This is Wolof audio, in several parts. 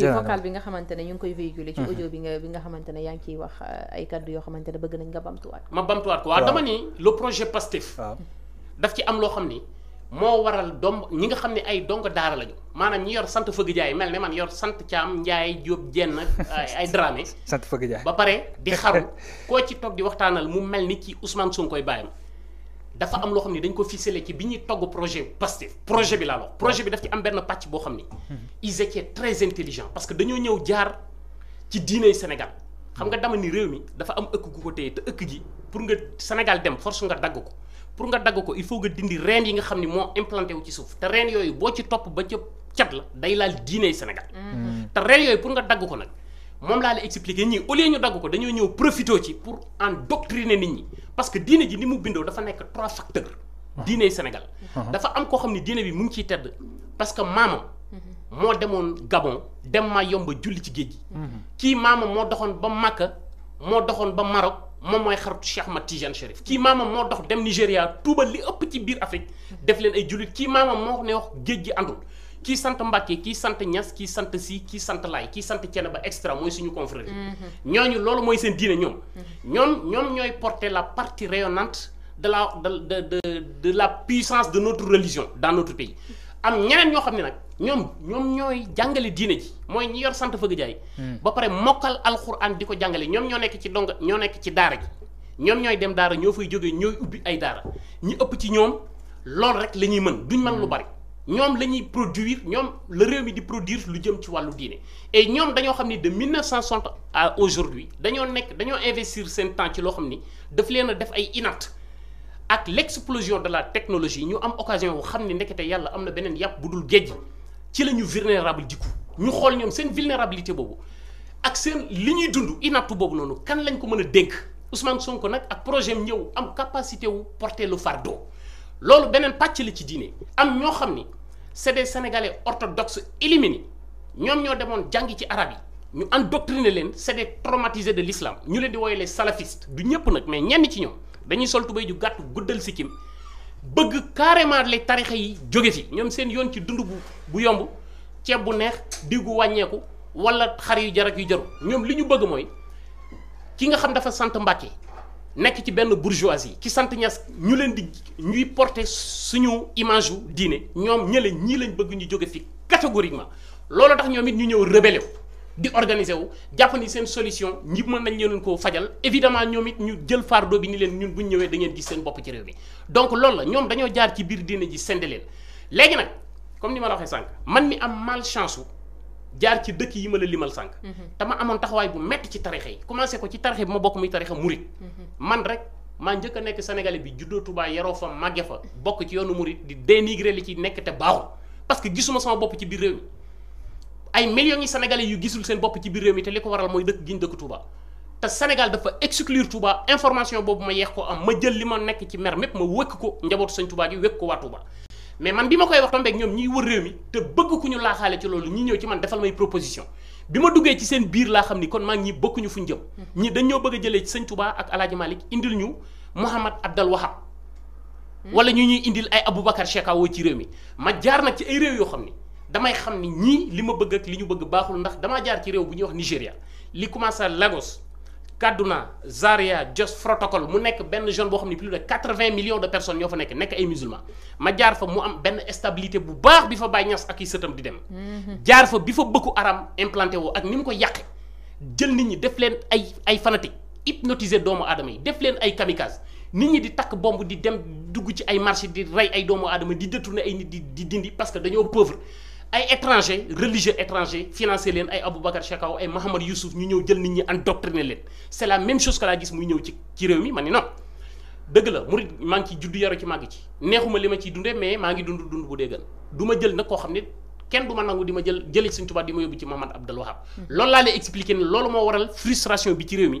ci vocal bi nga xamante ne ñu ngi koy véhiculer ci mhm. audio bi nga bi nga xamante yaa ngi ciy wax eh, ay kaddu yoo xamante ne bëgg nañ nga bamtuwaat ma bamtuwaat ko waaw dama ni le projet Pastef daf ci am loo xam ni moo waral dom ñi nga xam ne ay dong daara lañu maanaam ñi yor sant fëgg jaay mel ne man yor sant caam njaay jóob jenn ay dramé sant fëgg jaay ba pare di xaru koo ci toog di waxtaanal mu mel ni ci Ousmane Sonko koy bàyyam dafa am loo xam ne dañ ko ficelé ci bi ñuy togg projet Pastef projet bi laa wax projet bi daf ci am benn pàcc boo xam ni. Mhm. ils étaient très intelligent parce que dañoo ñëw jaar ci diine Sénégal xam nga mhm. dama ni réew mi dafa am ëkk gu ko téye te ëkk gi pour nga Sénégal dem force nga dagg ko pour nga dagg ko il faut nga dindi reen yi nga xam ne moo implanté wu ci suuf te reen yooyu boo ci topp ba ca cat la day laal diine Sénégal. Mhm. te reen yooyu pour nga dagg ko nag moom laa la expliqué ñii au lieu ñu dagg ko dañoo ñëw profité ci pour doctriner nit ñi parce que diné ji ni dafa trois facteurs. Sénégal. dafa am ko ni bi mu ngi parce que maman, Gabon dem ma yomba julli ci géej ki maman mo suis ba Makka mo doxone ba Maroc mom moy xaritu Cheikh dox dem Nigeria, Touba li ëpp ci biir Afrique def leen ay jullit maman, ne wax kii sant Mbàkke kii sant Ñas kii sant Si kii sant Laay kii sant Cene ba extra mooy suñu confrérie mhm. ñooñu loolu mooy seen diine ñoom mhm. ñoom ñoom ñooy porter la partie rayonnante de la de de de de la puissance de notre religion dans notre pays am ñeneen ñoo xam ne nag ñoom ñoom ñooy jàngale diine ji mooy ñi yor sant fëgg jaay hmm. ba pare mokkal alxuraan di ko jàngale ñoom ñoo nekk ci dong ñoo nekk ci daara ji ñoom ñooy dem daara ñoo fay jógee ñooy ubbi ay daara ñi ëpp ci ñoom lool rek la ñuy mën duñ mën lu bari ñom lañuy produire ñom le réew di produire lu jëm et ñom de 1960 à aujourd'hui dañoo nek dañoo investir seen temps ci lo xamni daf leen def ay l'explosion de la technologie ñu am occasion de xam que yalla, yàlla am ci vulnérable ñu vulnérabilité Et ak seen liñuy dund que bobu nonu kan lañ ko projet ñew capacité wu porter le fardeau. loolu beneen pàcc la ci diine am ñoo xam ni c'est des sénégalais orthodoxes éliminés ñoom ñoo demoon jàngi ci arab yi ñu endoctriné leen c'est des traumatisés de lislaam ñu leen di woowee les salafistes du ñëpp nag mais ñenn ci ñoom dañuy sol tubéy ju gàtt guddal sikkim bëgg carrément les tarixa yi jóge fi ñoom seen yoon ci dund bu bu yomb ceeb bu neex diggu wàññeeku wala xar yu jar ak yu jaru ñoom li ñu bëgg mooy ki nga xam dafa sant Mbàkke nek ci benn bourgeoisie ki sant ñas ñu leen di ñuy porter suñu image wu diine ñoom ñele ñi lañ bëgg ñu jóge fi catégoriquement loolu tax ñoom it ñu ñëw rebelle wu di organiser wu jàpp ni seen solution ñi mën nañ leen ko fajal évidemment ñoom it ñu jël fardo bi ni leen ñun bu ñu ñëwee da ngeen gis seen bopp ci réew mi donc loolu la ñoom dañoo jaar ci biir diine ji sende leen léegi nag comme ni ma la waxee sànq man mi am malchance jaar ci dëkk yi ma la limal sànq. Mhm. te ma amoon taxawaay bu metti ci tarixa yi commencé ko ci tarixa bi ma bokk muy a murit mhm. man rek maa njëkk a nekk sénégalais bi juddoo Touba yaroo fa màgge fa bokk ci yoonu murit di dénigré li ci nekk te baaxul parce que gisuma sama bopp ci biir réew mi ay millions yi sénégalais yu gisul seen bopp ci biir réew mi te li ko waral mooy dëkk giñ dëkk Touba te Sénégal dafa exclure tubaa information boobu ma yeex ko am ma jël li ma nekk ci mer mépp ma wëkk ko njabootu sëñ Touba gi wékk ko waa Touba mais man bi ma koy wax tombeeg ñoom ñiy wër réew mi te bëgg ku ñu laaxaale ci loolu ñi ñëw ci man defal may proposition bi ma duggee ci seen biir laa xam ni kon maa ngi ñi bokkuñu fuñ jëm ñi dañ ñoo bëgg a jëlee ci sëñ Touba ak alaaji Malick indil ñu Mouhamad Abdal Wahab wala ñu ñuy indil ay Aboubacar Chekawo ci réew mi ma jaar nag ci ay réew yoo xam ni damay xam ni ñii li ma bëgg ak li ñu bëgg baaxul ndax damaa jaar ci réew bu ñuy wax Nigéria li commencé Lagos Kaduna Zaria Jos protocole mu nekk ben jeune boo xam ne plus de 80 millions de personnes ñoo fa nekk nekk ay musulmans ma jaar fa mu am benn stabilité bu baax bi fa Baye Niass ak i sëtam di dem. Mhm. jaar fa bi fa bëkku aram implanté woo ak ni mu ko yàqee jël nit ñi def leen ay ay fanatiques hypnotiser doomu aadama yi def leen ay kamikaze nit ñi di takk bomb di dem dugg ci ay marché di rey ay doomu aadama di détourner ay nit di dindi parce que dañoo pauvre ay étranger religieux étranger financer len ay Aboubacar Chakaw ay Mahamad Youssouf ñu ñew jël nit ñi endoctriné len c'est la même chose que la gis muy ñew ci ci réew mi ma ni non deug la mourid maa ngi ci juddu yaro ci mag ci neexuma lima ci dundé mais magi ngi dund dund bu dégal du jël nak ko xam kenn du ma nangu di ma jël ci Sëñ Tuubaa dima ma ci Mohamed Abdel Wahab hmm. lool la lay expliquer loolu mo waral frustration bi ci réew mi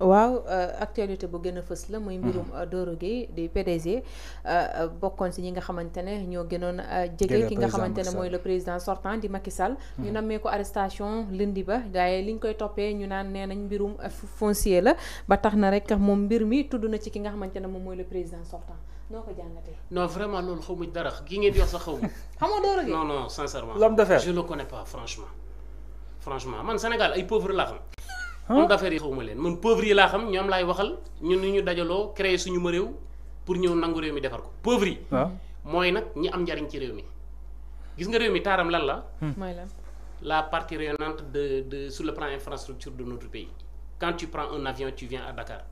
waaw euh, actualité bu gën a fës la muy mbirum mhm. euh, Doro Gueye di PDG euh, bokkoon si ñi nga xamante ne ñoo gënoon jege ki nga xamante ne mooy le président sortant di Macky Sall mhm. ñu nammee ko arrestation lundi ba waaye liñ koy toppee ñu naan nee nañ mbirum foncier la ba tax na rek moom mbir mi tudd na ci ki nga xamante ne moom mooy le président sortant noo ko jàngatee. non vraiment loolu xaw dara gi ngeen yor sax xaw ma. xamoo Doro Gueye non non sincèrement. l'homme d'affaires je le connais pas franchement franchement man Sénégal ay pauvre la xam homme d'affaires yi xawma leen man pauvre yi laa xam ñom lay waxal ñun ñu dajaloo créer suñu ma rew pour ñëw nangu réew mi défar ko pauvre yi. mooy nag ñi am jariñ ci rew mi. gis nga rew mi taram lan la. Hmm. mooy lan la partie rayonnante de de sur le plan infrastructure de notre pays. quand tu prends un avion tu viens à Dakar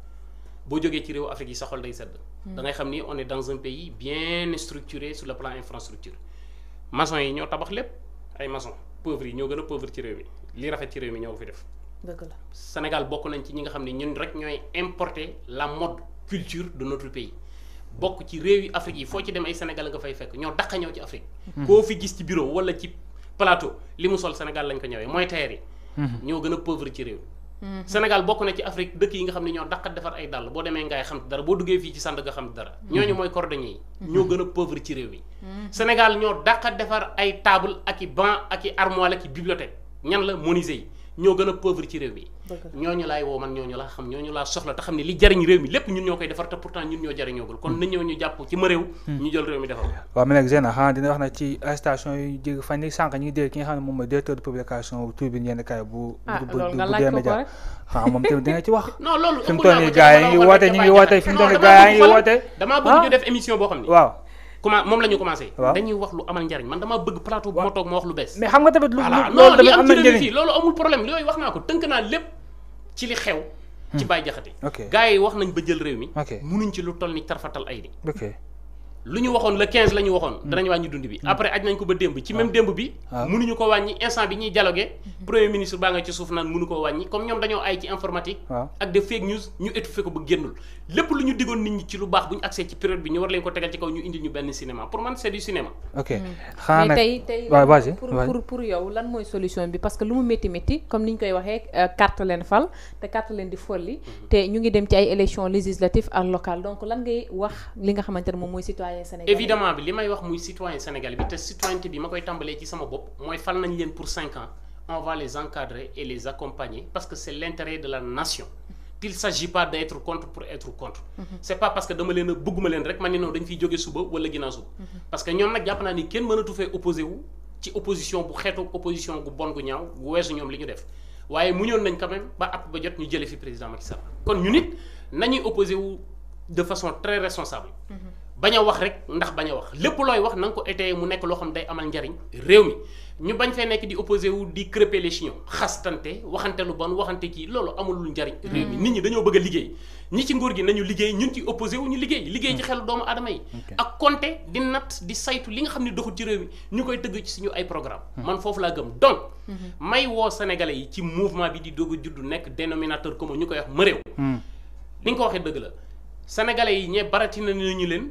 bo jógee ci rew Afrique yi saxol day sedd. Hmm. da ngay xam ni on est dans un pays bien structuré sur le plan infrastructure. maçon yi ñoo tabax lepp ay maçon pauvre yi ñoo gën pauvre ci rew mi li rafet ci rew mi ñoo fi def dëgg la Sénégal bokku nañ ci ñi nga xam ñun rek ñoy importer la mode culture de notre pays bokku ci réew yi Afrique yi fo ci dem ay Sénégal nga fay fekk ño daq ñëw ci Afrique. Hmm. ko fi gis ci bureau wala ci plateau limu sol Sénégal lañ ko ñëwee moy tailleur yi. Hmm. ño gëna pauvre ci réew. Hmm. Sénégal bokku na ci Afrique dëkk yi nga xam ño ñoo daq defar ay dal bo démé ngaay xam dara bo duggé fi ci sànd nga xam dara. ñoñu moy cordonnier yi. ñoo gën pauvre ci réew yi. Sénégal ño daq defar ay table ak i banc ak armoire ak bibliothèque ñan la moniser yi ñoo gën a pauvre ci réew mi ñooñu laay woo man ñooñu laa xam ñooñu laa soxla te xam ne li jariñ réew mi lépp ñun ñoo koy defar te pourtant ñun ñoo jariñoogul kon hmm. na ñëw ñu jàpp ci ma réew hmm. ñu jël réew mi defar waaw mais nag Zeyna ah, dina wax na ci arrestation yu jéggi fan yi sànq ñu dégg ki nga xam ne moom mooy directeur de publication turbine yenn kaay bu ah, budee média xanaa ah, moom tamit dina ci wax non loolu fi mu toll nii ñu ngi woote fi mu toll boo xam ne waaw comment moom la ñu commencé. dañuy wax lu amal njariñ man damaa bëgg plateau bu ma toog ma wax lu bees. mais xam nga tamit lu loolu tamit am na njariñ loolu amul problème yooyu wax naa ko tënk naa lépp ci li xew. ci hmm. Baye Diakhaté. ok gars yi wax nañ ba jël réew mi. ok munuñ ci lu toll ni tarfatal ay di. lu ñu waxoon le 15 la ñu waxoon. Mm. danañ wàññi dund bi après aj nañ ko ba démb ci même ah. démb bi. Ah. mënuñu ko wàññi instant bi ñuy dialogué. Mm-hmm. premier ministre baa nga ci suuf naan mënu ko wàññi comme ñoom dañoo ay ci informatique. Ah. ak des fake news ñu étouffé ko ba génnul. lépp lu ñu digoon nit ñi ci lu baax bu ñu accès ci période bi ñu war leen ko tegal ci kaw ñu indil ñu benn cinéma pour man c'est du cinéma. ok mm. xanaa tey tey pour pour pour yow lan mooy solution évidemment bi limay citoyen sénégalais bi te citoyenneté bi makoy tambalé ci sama pour ans on va les encadrer et les accompagner parce que c'est l'intérêt de la nation il s'agit pas d'être contre pour être contre mhm. c'est pas parce que dama rek man ni non dañ wala mhm. parce que ni opposé wu opposition bu opposition gu bon gu ñaaw gu nañ quand même ba président Macky Sall kon de façon très responsable mhm. bañ a wax rek ndax bañ a wax lépp looy wax na nga ko étayé mu nekk loo xam day amal njariñ réew mi ñu bañ fee nekk di opposé wu di crêper les xastante waxante lu bon waxante ci loolu amalul njariñ réew mi mm. nit ñi dañoo bëgg liggéey ñi ci nguur gi nañu liggéey ñun ci opposé wu ñu liggéey mm. liggéey ci xelu doomu aadama yi ak compté di natt di saytu li nga xam ne doxul ci réew mi ñu koy tëgg ci suñu ay programme mm. man foofu laa gëm donc mm-hmm. may woo sénégalais yi ci mouvement bi di doog juddu nekk dénominateur commun ñu koy wax mëréew li nga ko waxee dëgg la sénégalais yi ñee baratina nañu leen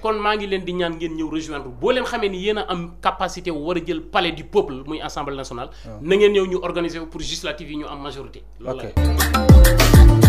kon maa ngi leen di ñaan ngeen ñëw rejoindre boo leen xamee ni yéen a am capacité wu war a jël palais du peuple muy assemblée nationale ah. na ngeen ñëw ñu organiser pour législative yi ñu am majorité loolu la